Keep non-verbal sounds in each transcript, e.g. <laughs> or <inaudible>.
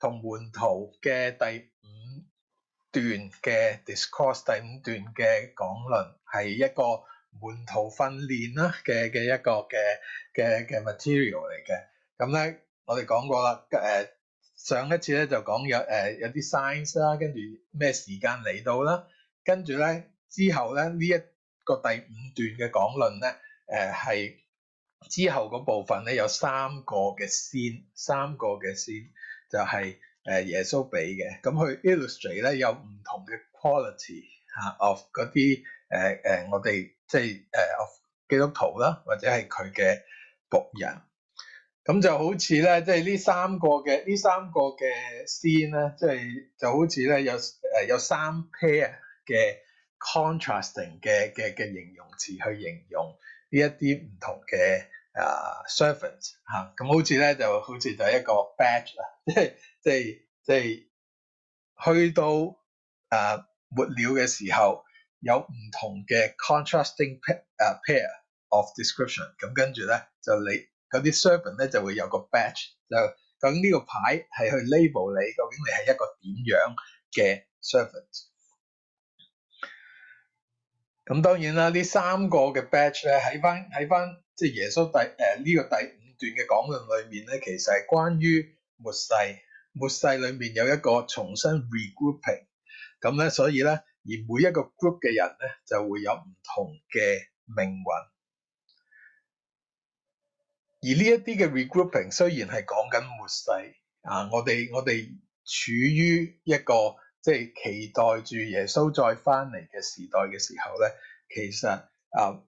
同門徒嘅第五段嘅 Discourse，第五段嘅講論係一個門徒訓練啦嘅嘅一個嘅嘅嘅 material 嚟嘅。咁咧，我哋講過啦，誒、呃、上一次咧就講有誒、呃、有啲 science 啦，跟住咩時間嚟到啦，跟住咧之後咧呢一、這個第五段嘅講論咧，誒、呃、係之後嗰部分咧有三個嘅先，三個嘅先。就係誒耶穌俾嘅，咁佢 illustrate 咧有唔同嘅 quality 吓，of 嗰啲誒誒我哋即係誒、呃、基督徒啦，或者係佢嘅僕人，咁就好似咧，即係呢三個嘅呢三個嘅 scene 咧，即係就好似咧有誒有三 pair 嘅 contrasting 嘅嘅嘅形容詞去形容呢一啲唔同嘅。啊，servant 吓，咁好似咧，就好似就係一個 badge，即係即係即係去到啊末了嘅時候，有唔同嘅 contrasting 誒 pair of description，咁跟住咧就你嗰啲 servant 咧就會有個 badge，就究竟呢個牌係去 label 你究竟你係一個點樣嘅 servant，咁當然啦，呢三個嘅 badge 咧喺翻喺翻。即係耶穌第誒呢、呃呢個第五段嘅講論裏面咧，其實係關於末世。末世裏面有一個重新 regrouping，咁咧，所以咧，而每一個 group 嘅人咧就會有唔同嘅命運。而呢一啲嘅 regrouping 雖然係講緊末世啊，我哋我哋處於一個即係、即係、期待住耶穌再翻嚟嘅時代嘅時候咧，其實啊～、呃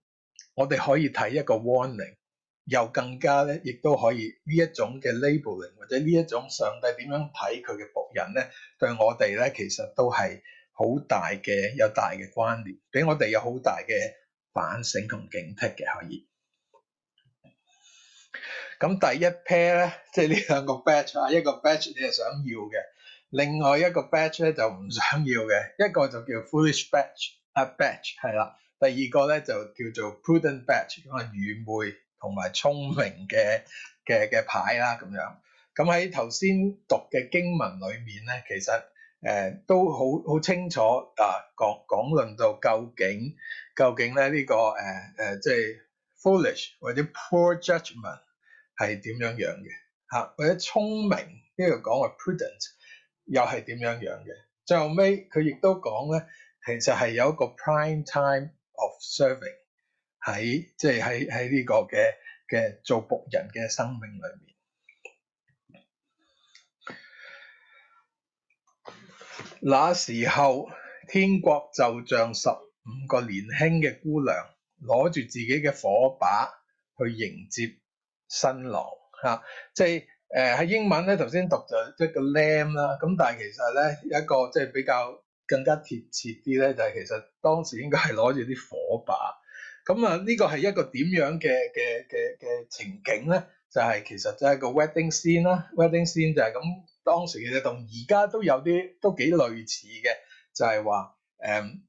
我哋可以睇一個 warning，又更加咧，亦都可以呢一種嘅 labeling，或者呢一種上帝點樣睇佢嘅僕人咧，對我哋咧，其實都係好大嘅有大嘅關聯，俾我哋有好大嘅反省同警惕嘅可以。咁、嗯、第一 pair 咧，即係呢兩個 batch 啊，一個 batch 你係想要嘅，另外一個 batch 咧就唔想要嘅，一個就叫 foolish batch 啊，batch 係啦。第二個咧就叫做 prudent batch，咁啊愚昧同埋聰明嘅嘅嘅牌啦咁樣。咁喺頭先讀嘅經文裏面咧，其實誒、呃、都好好清楚啊講講論到究竟究竟咧呢、呢個誒誒、呃、即係 foolish 或者 poor judgment 係點樣樣嘅嚇，或者聰明呢個講話 prudent 又係點樣樣嘅。最後尾佢亦都講咧，其實係有一個 prime time。of serving 喺即係喺喺呢個嘅嘅做僕人嘅生命裏面。那時候天國就像十五個年輕嘅姑娘攞住自己嘅火把去迎接新郎嚇、啊，即係誒喺英文咧頭先讀咗一個 lamb 啦，咁但係其實咧一個即係比較更加貼切啲咧，就係、是、其實當時應該係攞住啲火把。咁啊，呢、這個係一個點樣嘅嘅嘅嘅情景咧？就係、是、其實即係個 wedding scene 啦、啊、，wedding scene 就係咁。當時其實同而家都有啲都幾類似嘅，就係話誒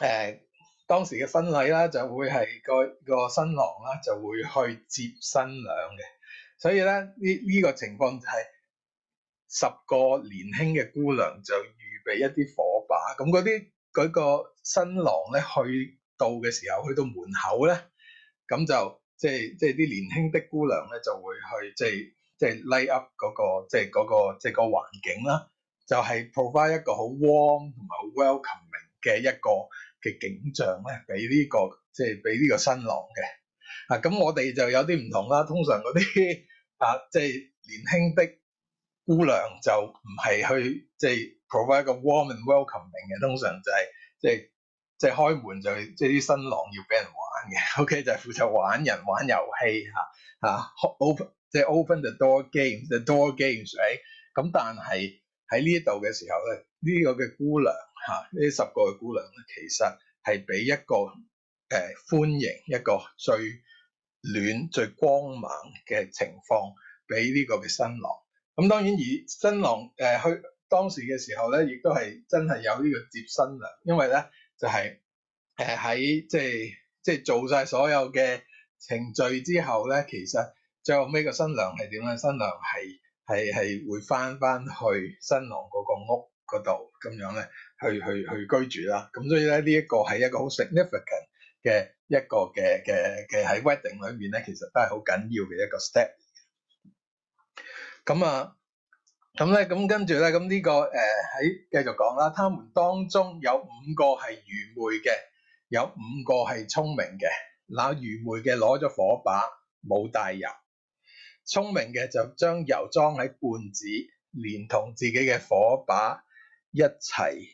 誒當時嘅婚禮啦、啊，就會係個個新郎啦、啊、就會去接新娘嘅。所以咧呢呢、這個情況就係十個年輕嘅姑娘就預備一啲火。話咁嗰啲嗰個新郎咧去到嘅時候，去到門口咧，咁就即係即係啲年輕的姑娘咧就會去即係即係 light up 嗰個即係嗰個即係個環境啦，就係 provide 一個好 warm 同埋好 welcoming 嘅一個嘅景象咧，俾呢個即係俾呢個新郎嘅啊。咁我哋就有啲唔同啦，通常嗰啲啊即係年輕的。姑娘就唔係去即係 provide 一個 warm and welcoming 嘅，通常就係即係即係開門就係即係啲新郎要俾人玩嘅，OK 就係負責玩人玩遊戲嚇嚇、啊、open 即係 open the door game the door games 咁、right?，但係喺呢度嘅時候咧，呢、這個嘅姑娘嚇呢、啊、十個嘅姑娘咧，其實係俾一個誒、呃、歡迎一個最暖最光猛嘅情況俾呢個嘅新郎。咁當然，而新郎誒、呃、去當時嘅時候咧，亦都係真係有呢個接新娘，因為咧就係誒喺即係即係做晒所有嘅程序之後咧，其實最後尾個新娘係點咧？新娘係係係會翻翻去新郎嗰個屋嗰度咁樣咧，去去去居住啦。咁所以咧，呢、這個、一個係一個好 significant 嘅一個嘅嘅嘅喺 wedding 裏面咧，其實都係好緊要嘅一個 step。咁啊，咁咧、嗯，咁、嗯嗯、跟住咧、咁、這、呢個誒喺、呃、繼續講啦。他們當中有五個係愚昧嘅，有五個係聰明嘅。那愚昧嘅攞咗火把，冇帶油；聰明嘅就將油裝喺罐子，連同自己嘅火把一齊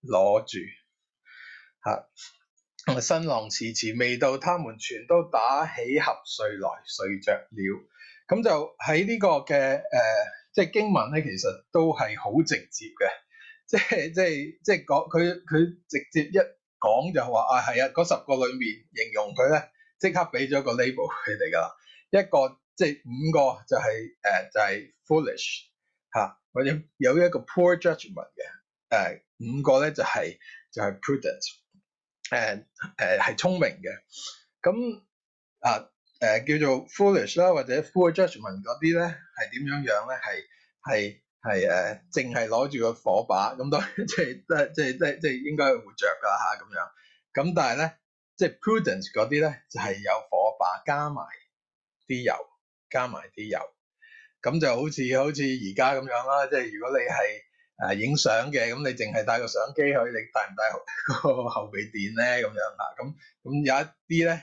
攞住。嚇、啊！新郎遲遲未到，他們全都打起瞌睡來，睡着了。咁就喺呢個嘅誒、呃，即係經文咧，其實都係好直接嘅，即係即係即係講佢佢直接一講就話啊，係啊，嗰十個裏面形容佢咧，即刻俾咗個 label 佢哋噶啦，一個即係五個就係、是、誒、呃、就係、是、foolish 嚇、啊，或者有一個 poor judgment 嘅誒、呃，五個咧就係、是、就係、是、prudent 誒、呃、誒係、呃、聰明嘅，咁、嗯、啊。呃誒、呃、叫做 foolish 啦，或者 full、er、judgment 嗰啲咧，係點樣樣咧？係係係誒，淨係攞住個火把，咁當然即係即係即係即係應該會着噶嚇咁樣。咁但係咧，即係 prudence 嗰啲咧，就係、是、有火把加埋啲油，加埋啲油，咁就好似好似而家咁樣啦。即係如果你係誒影相嘅，咁、呃、你淨係帶個相機，去，你帶唔帶個後，後備電咧？咁樣嚇咁咁有一啲咧。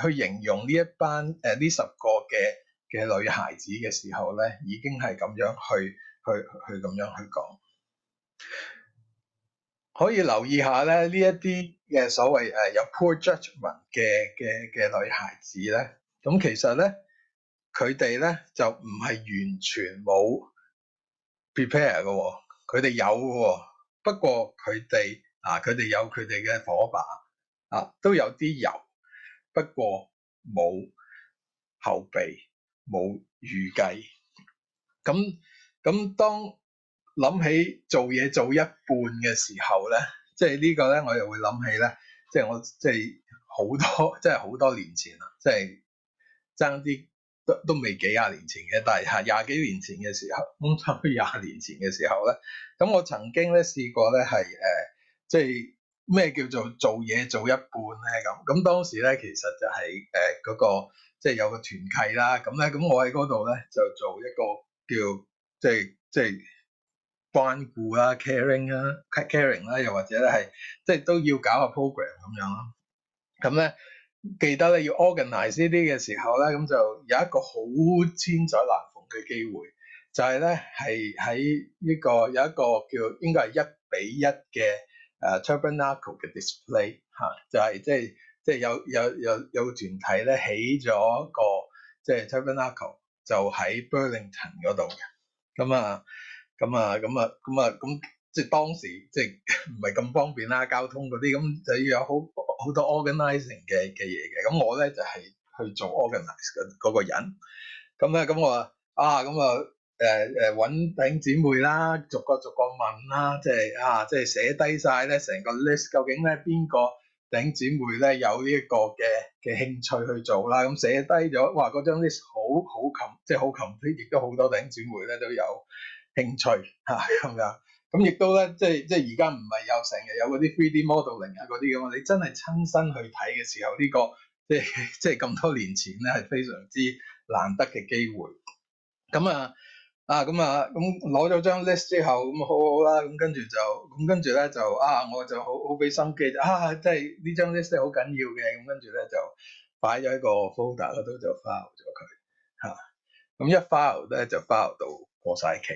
去形容呢一班誒呢、呃、十個嘅嘅女孩子嘅時候咧，已經係咁樣去去去咁樣去講。可以留意下咧呢一啲嘅所謂誒、呃、有 poor judgment 嘅嘅嘅女孩子咧，咁、嗯、其實咧佢哋咧就唔係完全冇 prepare 嘅喎、哦，佢哋有喎、哦，不過佢哋啊佢哋有佢哋嘅火把啊都有啲油。不過冇後備，冇預計。咁咁當諗起做嘢做一半嘅時候咧，即係呢個咧，我又會諗起咧，即係我即係好多，即係好多年前啦，即係爭啲都都未幾廿年前嘅，但係廿幾年前嘅時候，咁差唔多廿年前嘅時候咧，咁我曾經咧試過咧係誒，即係。呃就是咩叫做做嘢做一半咧？咁咁當時咧，其實就係誒嗰個即係有個團契啦。咁咧，咁我喺嗰度咧就做一個叫即係即係關顧啦、caring 啊、caring 啦，又或者咧係即係都要搞個 program 咁樣咯。咁咧記得咧要 organize 呢啲嘅時候咧，咁就有一個好千載難逢嘅機會，就係咧係喺呢個有一個叫應該係一比一嘅。誒 Turbinaco 嘅 display 嚇、uh, 就是，就係即係即係有有有有個團體咧起咗個即係 Turbinaco 就喺 Burlington 嗰度嘅，咁啊咁啊咁啊咁啊咁，即係當時即係唔係咁方便啦，交通嗰啲咁就要有好好多 organizing 嘅嘅嘢嘅，咁我咧就係、是、去做 organize 嗰嗰、那個人，咁咧咁我啊咁啊。誒誒揾頂姐妹啦，逐個逐個問啦，即係啊，即係寫低晒咧成個 list，究竟咧邊個頂姐妹咧有呢一個嘅嘅興趣去做啦？咁寫低咗，哇！嗰張 list 好好冚，即係好 complete，亦都好多頂姐妹咧都有興趣嚇咁樣。咁亦都咧，即係即係而家唔係有成日有嗰啲 three D modelling 啊嗰啲咁嘛。你真係親身去睇嘅時候，呢個即係即係咁多年前咧係非常之難得嘅機會。咁啊～啊咁啊，咁攞咗張 list 之後咁好好啦，咁跟住就咁跟住咧就啊，我就好好俾心機，啊真係呢張 list 好緊要嘅，咁跟住咧就擺咗喺個 folder 嗰度就 file 咗佢吓，咁、啊、一 file 咧就 file 到過晒期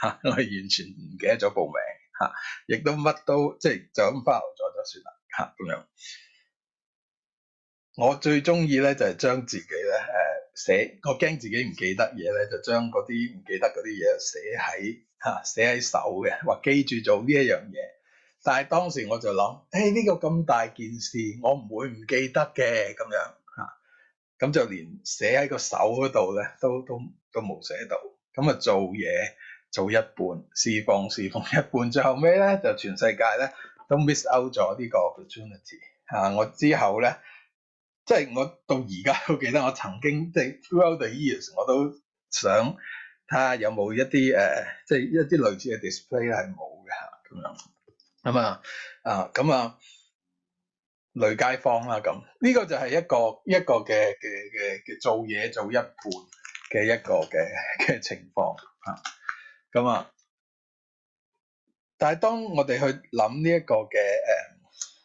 吓、啊，我完全唔記得咗報名吓，亦、啊、都乜都即係就咁 file 咗就算啦吓咁樣。我最中意咧就係、是、將自己咧誒。啊寫我驚自己唔記得嘢咧，就將嗰啲唔記得嗰啲嘢寫喺吓寫喺手嘅，話記住做呢一樣嘢。但係當時我就諗，誒呢、呢個咁大件事，我唔會唔記得嘅咁樣吓，咁、啊、就連寫喺個手嗰度咧，都都都冇寫到。咁啊做嘢做一半，試放試放一半，最後尾咧就全世界咧都 miss out 咗呢個 opportunity 吓、啊。我之後咧。即係我到而家都記得，我曾經即係 throughout the years，我都想睇下有冇一啲誒、呃，即係一啲類似嘅 display 係冇嘅嚇，咁樣咁啊，啊咁啊累、啊、街坊啦咁，呢、啊這個就係一個一個嘅嘅嘅嘅做嘢做一半嘅一個嘅嘅情況嚇。咁啊，啊，但係當我哋去諗呢一個嘅誒。啊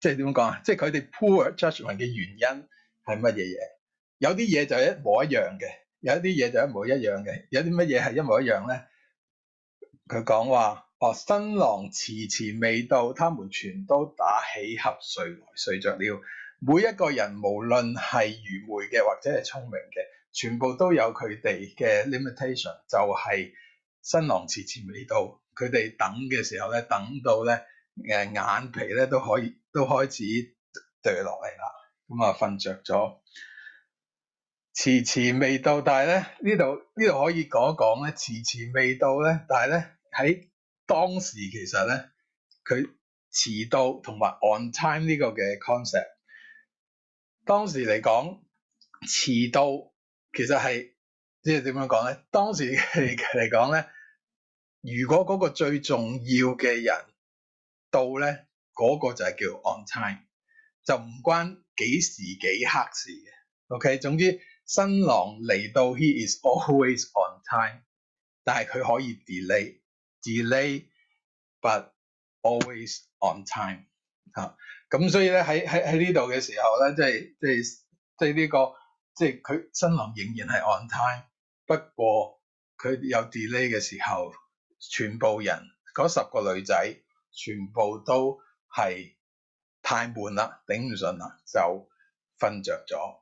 即係點講啊？即係佢哋 poor judgment 嘅原因係乜嘢嘢？有啲嘢就一模一樣嘅，有啲嘢就一模一樣嘅，有啲乜嘢係一模一樣咧？佢講話哦，新郎遲遲未到，他們全都打起瞌睡睡着了。每一個人無論係愚昧嘅或者係聰明嘅，全部都有佢哋嘅 limitation。就係新郎遲遲未到，佢哋等嘅時候咧，等到咧誒、呃、眼皮咧都可以。都開始墜落嚟啦，咁啊瞓着咗。遲遲未到，但係咧，呢度呢度可以講一講咧，遲遲未到咧，但係咧喺當時其實咧，佢遲到同埋 on time 呢個嘅 concept，當時嚟講遲到其實係即係點樣講咧？當時嚟嚟講咧，如果嗰個最重要嘅人到咧。嗰個就係叫 on time，就唔關幾時幾刻事嘅。OK，總之新郎嚟到，he is always on time，但係佢可以 delay，delay but always on time。啊。嚇，咁所以咧喺喺喺呢度嘅時候咧，即係即係即係呢個即係佢新郎仍然係 on time，不過佢有 delay 嘅時候，全部人，嗰十個女仔全部都。係太悶啦，頂唔順啦，就瞓着咗。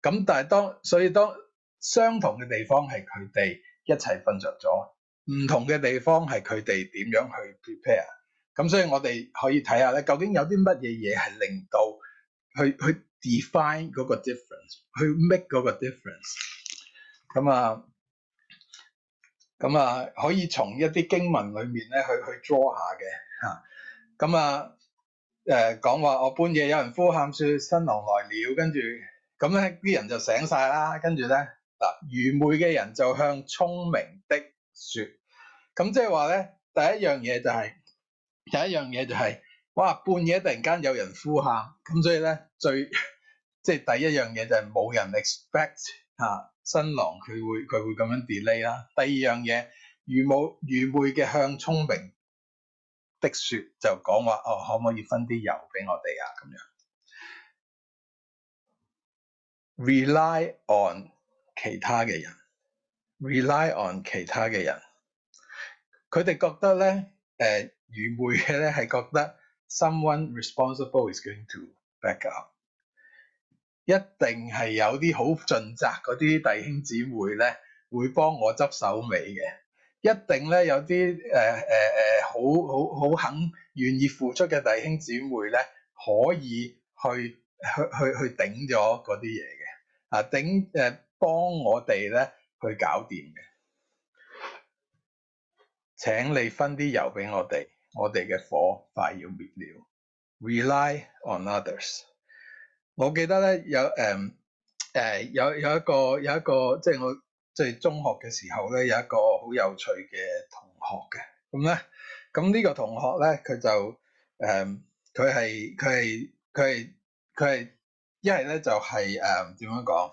咁但係當，所以當相同嘅地方係佢哋一齊瞓着咗，唔同嘅地方係佢哋點樣去 prepare。咁所以我哋可以睇下咧，究竟有啲乜嘢嘢係令到去去 define 嗰個 difference，去 make 嗰個 difference。咁啊，咁啊，可以從一啲經文裏面咧去去 draw 下嘅吓。咁啊，誒、嗯、講話，我半夜有人呼喊說，説新郎來了，跟住咁咧啲人就醒晒啦，跟住咧嗱愚昧嘅人就向聰明的説，咁即係話咧第一樣嘢就係、是、第一樣嘢就係、是、哇半夜突然間有人呼喊，咁所以咧最即係第一樣嘢就係冇人 expect 吓、啊、新郎佢會佢會咁樣 delay 啦，第二樣嘢，愚冇愚昧嘅向聰明。的説就講話哦，可唔可以分啲油俾我哋啊？咁樣 rely on 其他嘅人，rely on 其他嘅人，佢哋覺得咧，誒、呃、愚昧嘅咧係覺得 someone responsible is going to back up，一定係有啲好盡責嗰啲弟兄姊妹咧，會幫我執手尾嘅。一定咧有啲誒誒誒好好好肯願意付出嘅弟兄姊妹咧，可以去去去去頂咗嗰啲嘢嘅啊，頂誒、呃、幫我哋咧去搞掂嘅。請你分啲油俾我哋，我哋嘅火快要滅了。Rely on others。我記得咧有誒誒、呃、有有一個有一個即係、就是、我。即係中學嘅時候咧，有一個好有趣嘅同學嘅，咁、嗯、咧，咁、這、呢個同學咧，佢就誒，佢係佢係佢係佢係一係咧就係誒點樣講？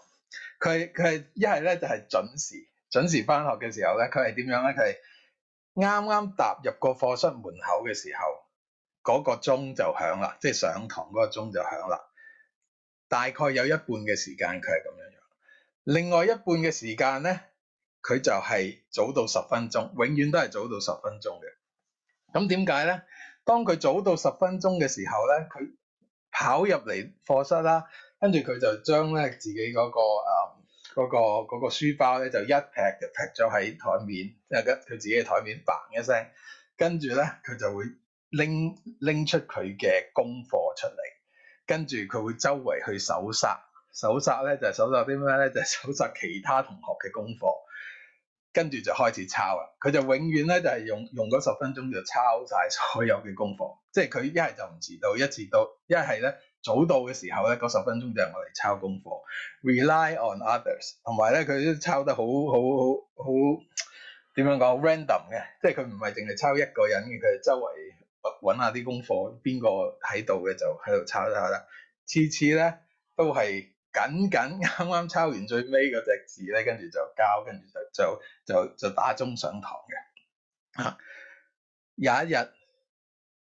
佢佢係一係咧就係準時，準時返學嘅時候咧，佢係點樣咧？佢係啱啱踏入個課室門口嘅時候，嗰、那個鐘就響啦，即、就、係、是、上堂嗰個鐘就響啦。大概有一半嘅時間佢係咁。另外一半嘅時間咧，佢就係早到十分鐘，永遠都係早到十分鐘嘅。咁點解咧？當佢早到十分鐘嘅時候咧，佢跑入嚟課室啦，跟住佢就將咧自己嗰個誒嗰個嗰個書包咧就一劈就劈咗喺台面，即係佢自己嘅台面嘭一聲，跟住咧佢就會拎拎出佢嘅功課出嚟，跟住佢會周圍去搜殺。搜殺咧就係搜殺啲咩咧就係、是、搜殺其他同學嘅功課，跟住就開始抄啦。佢就永遠咧就係用用嗰十分鐘就抄晒所有嘅功課。即係佢一係就唔遲到，一遲到一係咧早到嘅時候咧嗰十分鐘就係我嚟抄功課。Rely on others，同埋咧佢都抄得好好好好點樣講？random 嘅，即係佢唔係淨係抄一個人嘅，佢係周圍搵下啲功課，邊個喺度嘅就喺度抄一下啦。次次咧都係。僅僅啱啱抄完最尾嗰隻字咧，跟住就交，跟住就就就就打鐘上堂嘅。啊，有一日，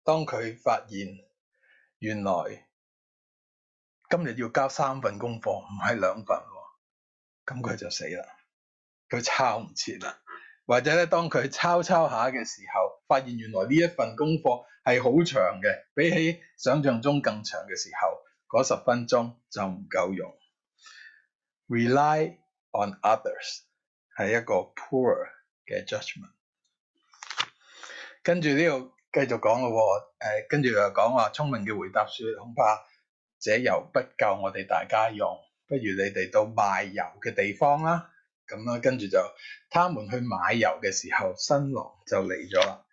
當佢發現原來今日要交三份功課，唔係兩份喎，咁佢就死啦，佢抄唔切啦。或者咧，當佢抄抄下嘅時候，發現原來呢一份功課係好長嘅，比起想象中更長嘅時候。嗰十分鐘就唔夠用。Rely on others 係一個 poor 嘅 judgment。跟住呢度繼續講咯喎。跟住、哦呃、又講話，聰明嘅回答説，恐怕這油不夠我哋大家用，不如你哋到賣油嘅地方啦。咁啦，跟住就，他們去買油嘅時候，新郎就嚟咗啦。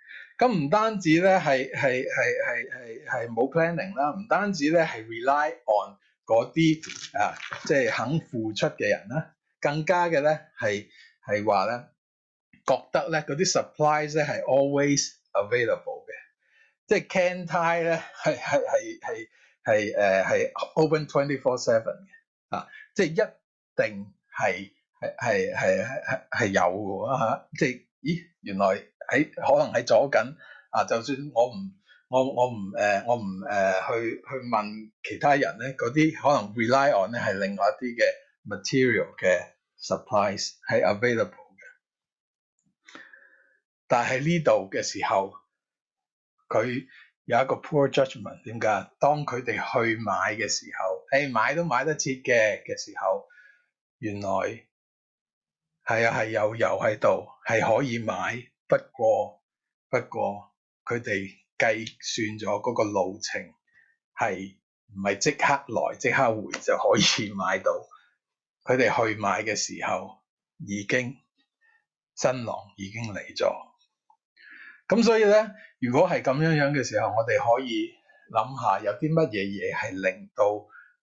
咁唔單止咧係係係係係係冇 planning 啦，唔單止咧係 rely on 嗰啲啊，即係肯付出嘅人啦，更加嘅咧係係話咧覺得咧嗰啲 supplies 咧係 always available 嘅，即係 can tie 咧係係係係係誒係 open twenty four seven 嘅啊，即係一定係係係係係係有㗎吓，即係。咦，原來喺可能喺阻緊啊！就算我唔我我唔誒、uh, 我唔誒、uh, 去去問其他人咧，嗰啲可能 rely on 咧係另外一啲嘅 material 嘅 supplies 係 available 嘅。但係呢度嘅時候，佢有一個 poor judgment 點解？當佢哋去買嘅時候，誒、哎、買都買得切嘅嘅時候，原來。係啊，係有油喺度，係可以買。不過不過，佢哋計算咗嗰個路程，係唔係即刻來即刻回就可以買到。佢哋去買嘅時候，已經新郎已經嚟咗。咁所以咧，如果係咁樣樣嘅時候，我哋可以諗下有啲乜嘢嘢係令到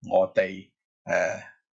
我哋誒。呃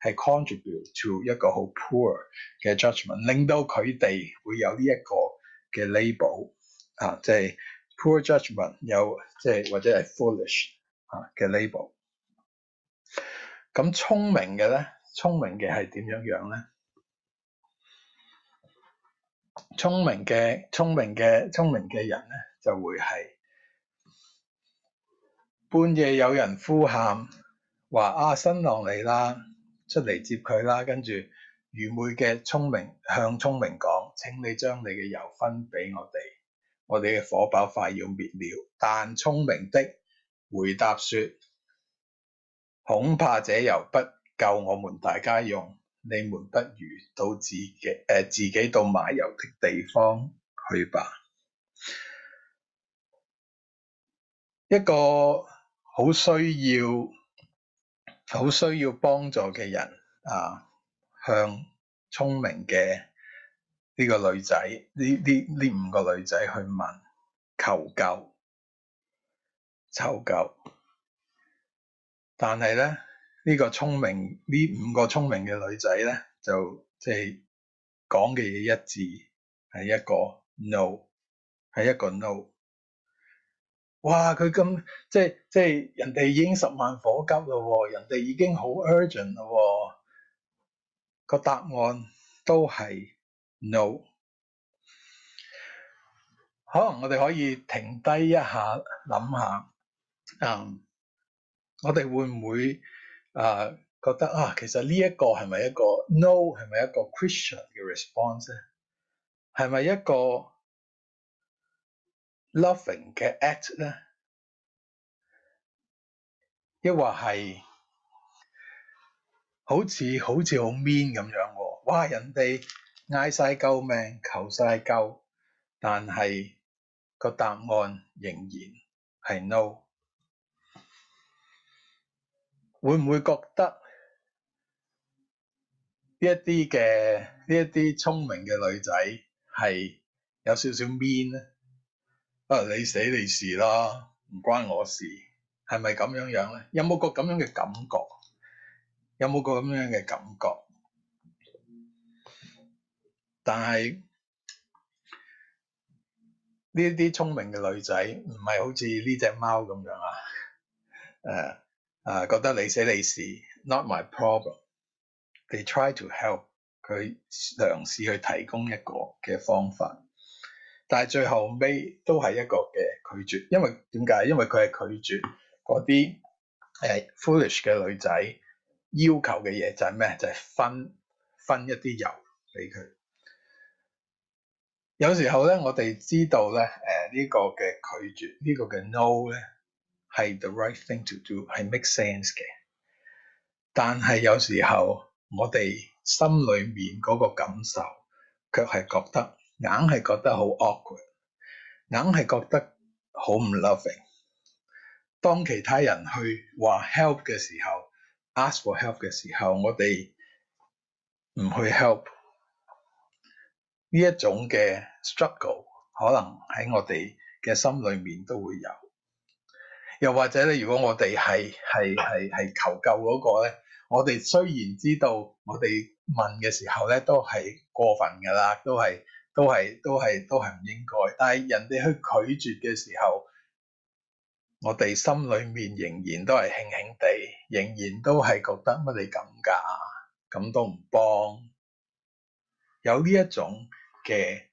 係 contribute to 一個好 poor 嘅 judgment 令到佢哋會有呢一個嘅 label 啊，即係 poor judgment 有即係或者係 foolish 啊嘅 label。咁聰明嘅咧，聰明嘅係點樣樣咧？聰明嘅聰明嘅聰明嘅人咧，就會係半夜有人呼喊話啊，新郎嚟啦！出嚟接佢啦，跟住愚昧嘅聰明向聰明講：「請你將你嘅油分俾我哋，我哋嘅火把快要滅了。」但聰明的回答說：「恐怕這油不夠我們大家用，你們不如到自己誒、呃、自己到買油的地方去吧。」一個好需要。好需要幫助嘅人啊，向聰明嘅呢個女仔，呢呢呢五個女仔去問求救，求救。但係咧，呢個聰明，呢五個聰明嘅女仔咧，就即係講嘅嘢一致，係一個 no，係一個 no。哇！佢咁即係即係，人哋已經十萬火急咯，人哋已經好 urgent 咯，個、哦、答案都係 no。可能我哋可以停低一下諗下，嗯、um，我哋會唔會啊覺得啊，其實呢一個係咪一個 no 係咪一個 Christian 嘅 response 咧？係咪一個？laughing 嘅 act 咧，抑或係好似好似好 mean 咁樣喎，哇！人哋嗌晒救命、求晒救，但係個答案仍然係 no。會唔會覺得呢一啲嘅呢一啲聰明嘅女仔係有少少 mean 呢？啊！你死你事咯，唔關我事，係咪咁樣樣咧？有冇個咁樣嘅感覺？有冇個咁樣嘅感覺？但係呢啲聰明嘅女仔唔係好似呢隻貓咁樣啊。誒啊，啊！覺得你死你事，not my problem。They try to help，佢嘗試去提供一個嘅方法。但係最後尾都係一個嘅拒絕，因為點解？因為佢係拒絕嗰啲誒 foolish 嘅女仔要求嘅嘢，就係、是、咩？就係、是、分分一啲油俾佢。有時候咧，我哋知道咧，誒、這、呢個嘅拒絕，這個 no、呢個嘅 no 咧，係 the right thing to do，係 make sense 嘅。但係有時候我哋心裏面嗰個感受，卻係覺得。硬係覺得好 awkward，硬係覺得好唔 loving。當其他人去話 help 嘅時候，ask for help 嘅時候，我哋唔去 help 呢一種嘅 struggle，可能喺我哋嘅心裏面都會有。又或者咧，如果我哋係係係係求救嗰個咧，我哋雖然知道我哋問嘅時候咧都係過分㗎喇，都係。都係都係都係唔應該，但係人哋去拒絕嘅時候，我哋心裏面仍然都係慶幸地，仍然都係覺得乜你咁噶？咁都唔幫，有呢一種嘅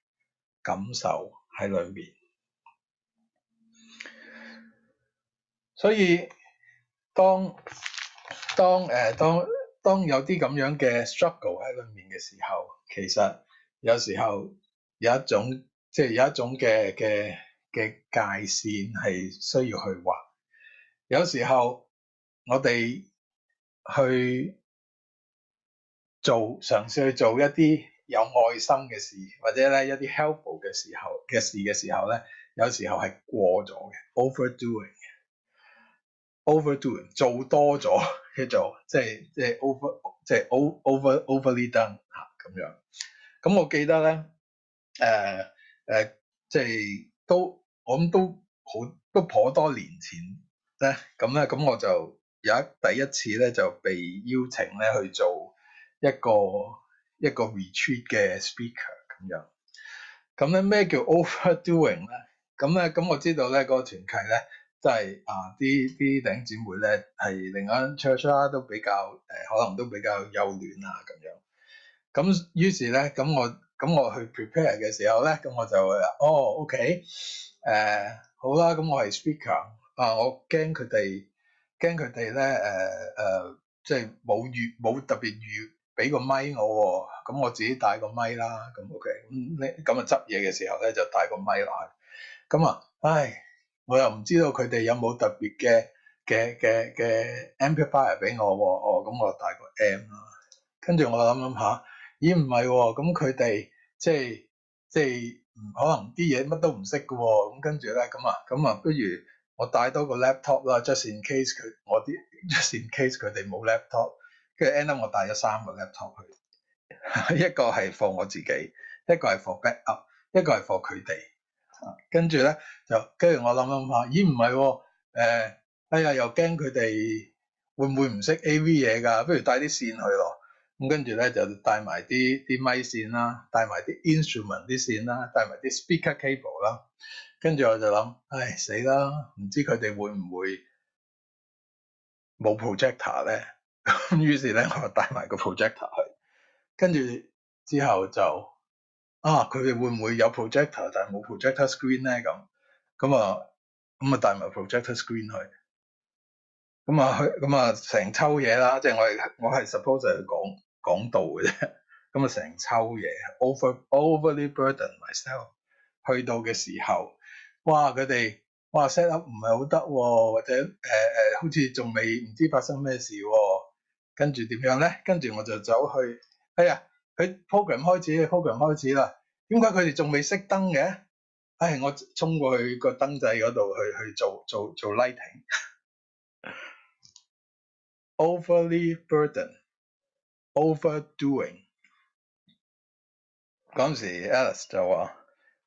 感受喺裏面。所以當當誒當當有啲咁樣嘅 struggle 喺裏面嘅時候，其實有時候。有一種即係、就是、有一種嘅嘅嘅界線係需要去劃。有時候我哋去做嘗試去做一啲有愛心嘅事，或者咧一啲 helpful 嘅時候嘅事嘅時候咧，有時候係過咗嘅，overdoing，overdoing over 做多咗叫做即係即係 over 即係 over overly over done 嚇咁樣。咁我記得咧。誒誒、呃呃，即係都，我諗都好，都頗多年前咧，咁咧，咁我就有一第一次咧，就被邀請咧去做一個一個 retreat 嘅 speaker 咁樣呢。咁咧咩叫 overdoing 咧？咁咧咁我知道咧，嗰、那個團契咧，即、就、係、是、啊啲啲頂姊妹咧，係另外 church 啦、啊，都比較誒、呃，可能都比較幼嫩啊咁樣。咁於是咧，咁我。咁我去 prepare 嘅時候咧，咁我就會話哦，OK，誒、呃、好啦，咁我係 speaker 啊，我驚佢哋驚佢哋咧誒誒，即係冇預冇特別預俾個咪咪我喎、哦，咁我自己帶個咪啦，咁 OK，咁你咁啊執嘢嘅時候咧就帶個咪落去，咁、嗯、啊，唉、哎，我又唔知道佢哋有冇特別嘅嘅嘅嘅 amplifier 俾我喎、哦，哦，咁我帶個 M 啦，跟住我諗諗下。咦唔係喎，咁佢哋即係即係唔可能啲嘢乜都唔識嘅喎，咁跟住咧咁啊咁啊，不如我帶多個 laptop 啦，just in case 佢我啲 just in case 佢哋冇 laptop，跟住 Adam 我帶咗三個 laptop 去，一個係 for 我自己，一個係 for backup，一個係 for 佢哋，跟住咧就跟住我諗諗下，咦唔係喎，誒哎呀又驚佢哋會唔會唔識 AV 嘢㗎，不如帶啲線去咯。咁跟住咧就帶埋啲啲咪線啦，帶埋啲 instrument 啲線啦，帶埋啲 speaker cable 啦。跟住我就諗，唉死啦，唔知佢哋會唔會冇 projector 咧？咁於是咧，我就帶埋個 projector 去。跟住之後就啊，佢哋會唔會有 projector，但係冇 projector screen 咧？咁咁啊咁啊，帶埋 projector screen 去。咁啊去，咁啊成抽嘢啦。即係我係我係 suppose 就係講。講道嘅啫，咁啊成抽嘢，over overly burden myself。去到嘅時候，哇佢哋哇 set up 唔係好得，或者誒誒、呃呃、好似仲未唔知發生咩事。跟住點樣咧？跟住我就走去，哎呀佢 program 開始，program 開始啦。點解佢哋仲未熄燈嘅？唉、哎，我衝過去個燈掣嗰度去去做做做 lighting。 <laughs> Overly burden。Overdoing 嗰時，Alice 就話：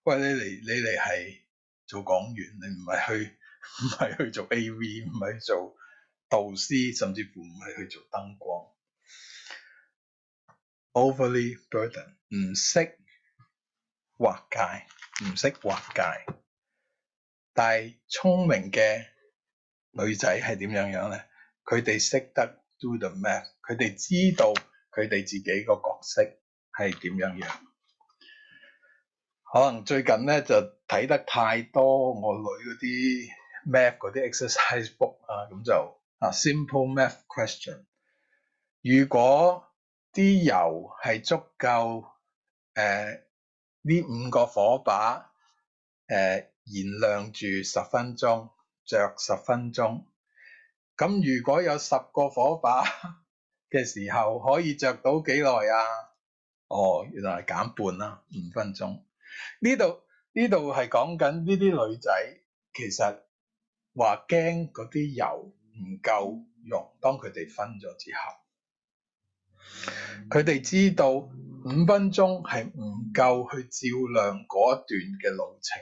喂，你嚟，你嚟係做講員，你唔係去，唔係去做 AV，唔係去做導師，甚至乎唔係去做燈光。Overly burden，唔識劃界，唔識劃界。但係聰明嘅女仔係點樣樣咧？佢哋識得 do the math，佢哋知道。佢哋自己個角色係點樣樣？可能最近咧就睇得太多我女嗰啲 math 嗰啲 exercise book 啊，咁就啊 simple math question。如果啲油係足夠，誒、呃、呢五個火把誒、呃、燃亮住十分鐘，着十分鐘。咁如果有十個火把嘅時候可以着到幾耐啊？哦，原來係減半啦，五分鐘。呢度，呢度係講緊呢啲女仔其實話驚嗰啲油唔夠用，當佢哋分咗之後，佢哋知道五分鐘係唔夠去照亮嗰一段嘅路程，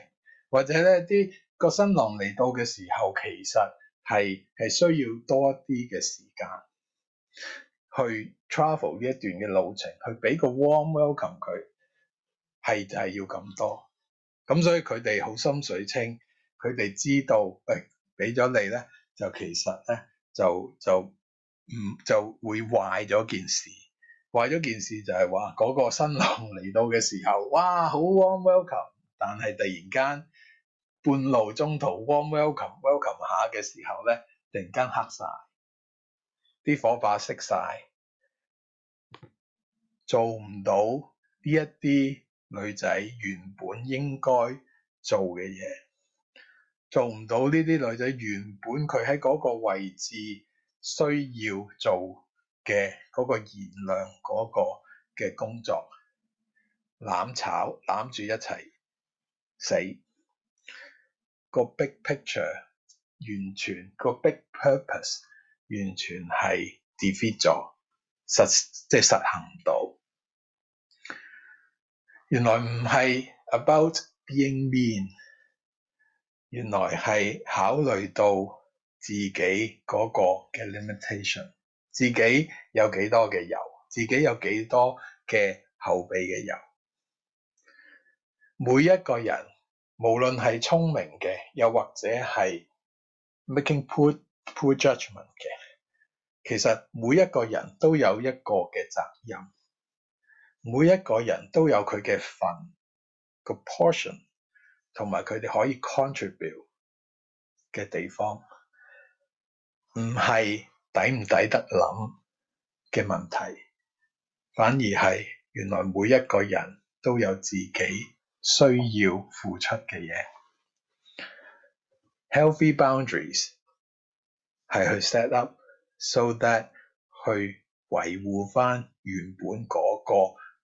或者咧啲、個新郎嚟到嘅時候，其實係係需要多一啲嘅時間。去 travel 呢一段嘅路程，去俾個 warm welcome 佢，係就係要咁多。咁所以佢哋好心水清，佢哋知道，誒，俾咗你咧，就其實咧，就就唔就會壞咗件事。壞咗件事就係話，嗰個新郎嚟到嘅時候，哇，好 warm welcome，但係突然間半路中途 warm welcome welcome 下嘅時候咧，突然間黑晒，啲火把熄晒。做唔到呢一啲女仔原本應該做嘅嘢，做唔到呢啲女仔原本佢喺嗰個位置需要做嘅嗰個賢良嗰個嘅工作，攬炒攬住一齊死，個 big picture 完全個 big purpose 完全係 defeat 咗，實即係實行唔到。原來唔係 about being mean，原來係考慮到自己嗰個嘅 limitation，自己有幾多嘅油，自己有幾多嘅後備嘅油。每一個人，無論係聰明嘅，又或者係 making poor poor judgment 嘅，其實每一個人都有一個嘅責任。每一個人都有佢嘅份個 portion，同埋佢哋可以 contribute 嘅地方，唔係抵唔抵得諗嘅問題，反而係原來每一個人都有自己需要付出嘅嘢，healthy boundaries 係去 set up so that 去維護翻原本嗰個。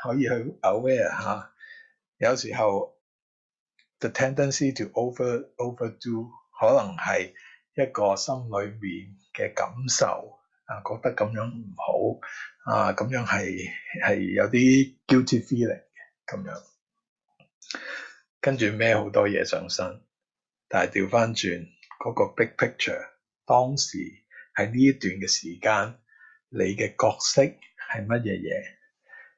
可以去 aware 下、啊，有時候 the tendency to over overdo 可能係一個心裏面嘅感受啊，覺得咁樣唔好啊，咁樣係係有啲 guilty feeling 嘅咁樣，跟住孭好多嘢上身，但係調翻轉嗰個 big picture，當時喺呢一段嘅時間，你嘅角色係乜嘢嘢？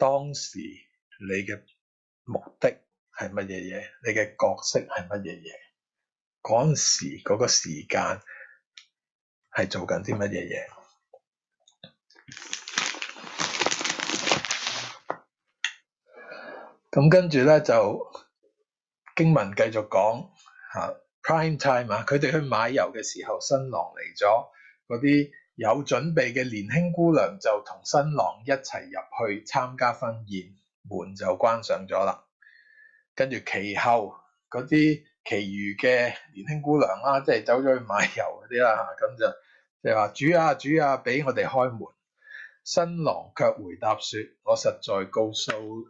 當時你嘅目的係乜嘢嘢？你嘅角色係乜嘢嘢？嗰陣時嗰個時間係做緊啲乜嘢嘢？咁跟住咧就經文繼續講嚇，啊，Prime Time 啊！佢哋去買油嘅時候，新郎嚟咗嗰啲。有準備嘅年輕姑娘就同新郎一齊入去參加婚宴，門就關上咗啦。跟住其後嗰啲，其餘嘅年輕姑娘啦，即係走咗去買油嗰啲啦，咁就即係話主啊主啊，俾、啊啊、我哋開門。新郎卻回答說：我實在告訴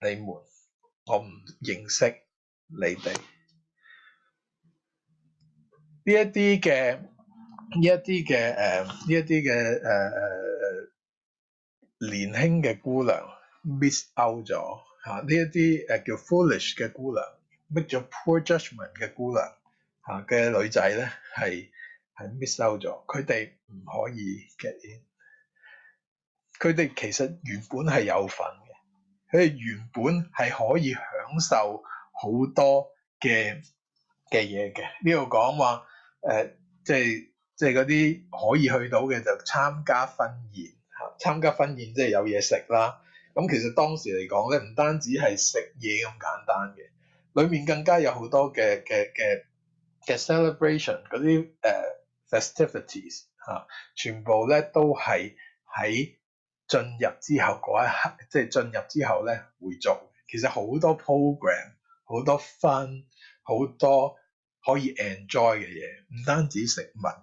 你們，我唔認識你哋。呢一啲嘅。呢一啲嘅誒，呢一啲嘅誒誒誒年輕嘅姑娘 miss out 咗嚇，呢一啲誒叫 foolish 嘅姑娘 make 咗 poor judgment 嘅姑娘嚇嘅，啊、女仔咧係係 miss out 咗，佢哋唔可以 get in。佢哋其實原本係有份嘅，佢哋原本係可以享受好多嘅嘅嘢嘅。呢度講話誒、呃，即係。即係嗰啲可以去到嘅就參加婚宴嚇、啊，參加婚宴即係有嘢食啦。咁、啊、其實當時嚟講咧，唔單止係食嘢咁簡單嘅，裏面更加有好多嘅嘅嘅嘅 celebration 嗰啲誒、uh, festivities 嚇、啊，全部咧都係喺進入之後嗰一刻，即、就、係、是、進入之後咧會做。其實好多 program，好多 fun，好多可以 enjoy 嘅嘢，唔單止食物。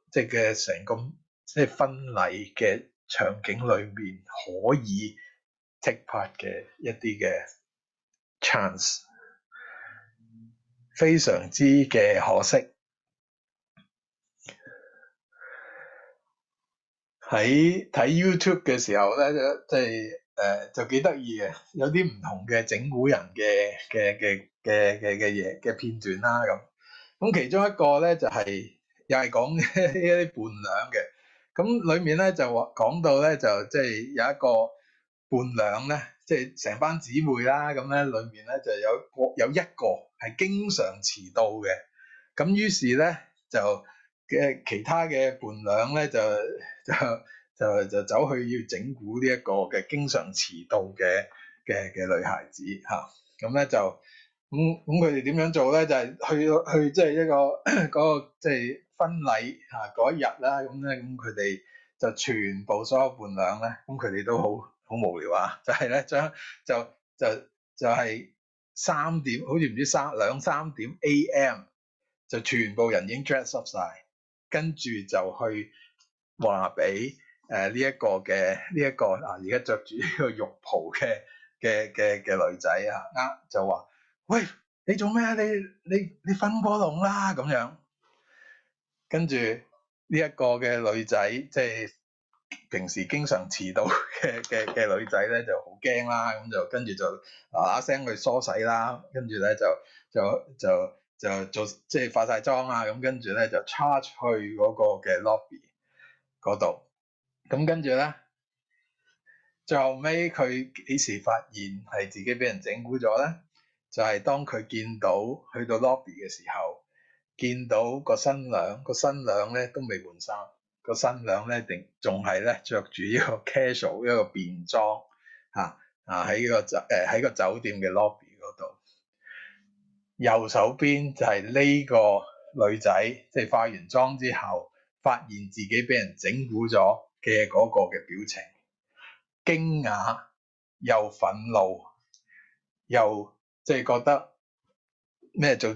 即係嘅成個即係婚禮嘅場景裏面可以 take part 嘅一啲嘅 chance，非常之嘅可惜。喺睇 YouTube 嘅時候咧，即係誒就幾得意嘅，有啲唔同嘅整蠱人嘅嘅嘅嘅嘅嘅嘢嘅片段啦咁。咁其中一個咧就係、是。又係講呢一啲伴娘嘅，咁裏面咧就話講到咧就即係有一個伴娘咧，即係成班姊妹啦，咁咧裏面咧就有個有一個係經常遲到嘅，咁於是咧就嘅其他嘅伴娘咧就就就就走去要整蠱呢一個嘅經常遲到嘅嘅嘅女孩子嚇，咁、啊、咧就咁咁佢哋點樣做咧？就係、是、去去即係一個嗰、 <coughs> 嗰個即、就、係、是。婚禮嚇嗰一日啦，咁咧咁佢哋就全部所有伴娘咧，咁佢哋都好好無聊啊！就係咧將就就就係三、就係、點，好似唔知三兩三點 A.M. 就全部人已經 dress up 曬，跟住就去話俾誒呢一個嘅呢一個啊而家着住呢個浴袍嘅嘅嘅嘅女仔啊，呃，這個啊啊、就話：喂，你做咩啊？你你你瞓過龍啦咁樣。跟住呢一個嘅女仔，即係平時經常遲到嘅嘅嘅女仔咧，就好驚啦，咁就跟住就嗱嗱聲去梳洗啦，跟住咧就就就就做即係化晒妝啊，咁跟住咧就 charge 去嗰個嘅 lobby 嗰度，咁跟住咧最後尾佢幾時發現係自己俾人整蠱咗咧？就係、是、當佢見到去到 lobby 嘅時候。見到個新娘，個新娘咧都未換衫，個新娘咧定仲係咧着住呢個 casual 一個便裝嚇啊喺、啊、個酒誒喺個酒店嘅 lobby 嗰度，右手邊就係呢個女仔，即、就、係、是、化完妝之後，發現自己俾人整蠱咗嘅嗰個嘅表情，驚訝又憤怒又即係、就是、覺得咩做？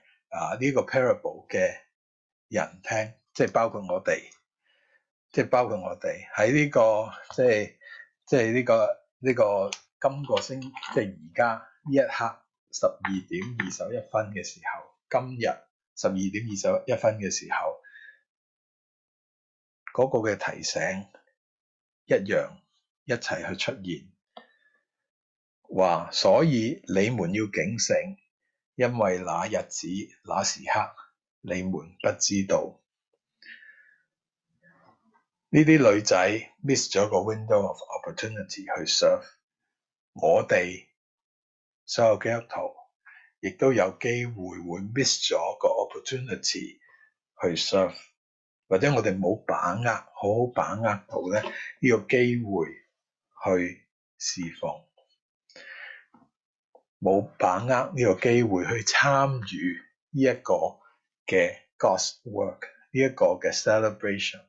啊！呢、這個 parable 嘅人聽，即係包括我哋，即係包括我哋喺呢個，即係即係、這、呢個呢、這個今個星，即係而家呢一刻十二點二十一分嘅時候，今日十二點二十一分嘅時候，嗰、那個嘅提醒一樣一齊去出現，話所以你們要警醒。因為那日子、那時刻，你們不知道。呢啲女仔 miss 咗個 window of opportunity 去 serve，我哋所有基督徒亦都有機會會 miss 咗個 opportunity 去 serve，或者我哋冇把握，好好把握到咧呢個機會去侍奉。冇把握呢個機會去參與呢一個嘅 God's work，呢一個嘅 celebration。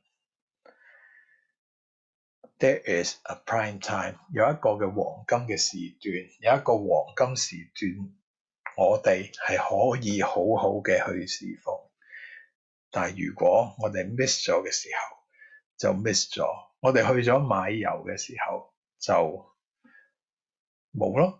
There is a prime time，有一個嘅黃金嘅時段，有一個黃金時段，我哋係可以好好嘅去侍奉。但係如果我哋 miss 咗嘅時候，就 miss 咗。我哋去咗買油嘅時候，就冇咯。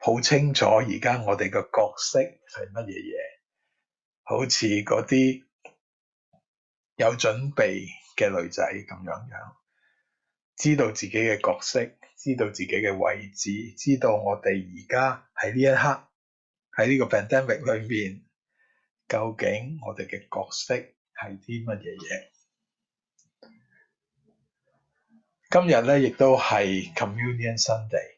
好清楚而家我哋嘅角色係乜嘢嘢？好似嗰啲有準備嘅女仔咁樣樣，知道自己嘅角色，知道自己嘅位置，知道我哋而家喺呢一刻喺呢個 pandemic 裏面，究竟我哋嘅角色係啲乜嘢嘢？今日咧亦都係 Communion Sunday。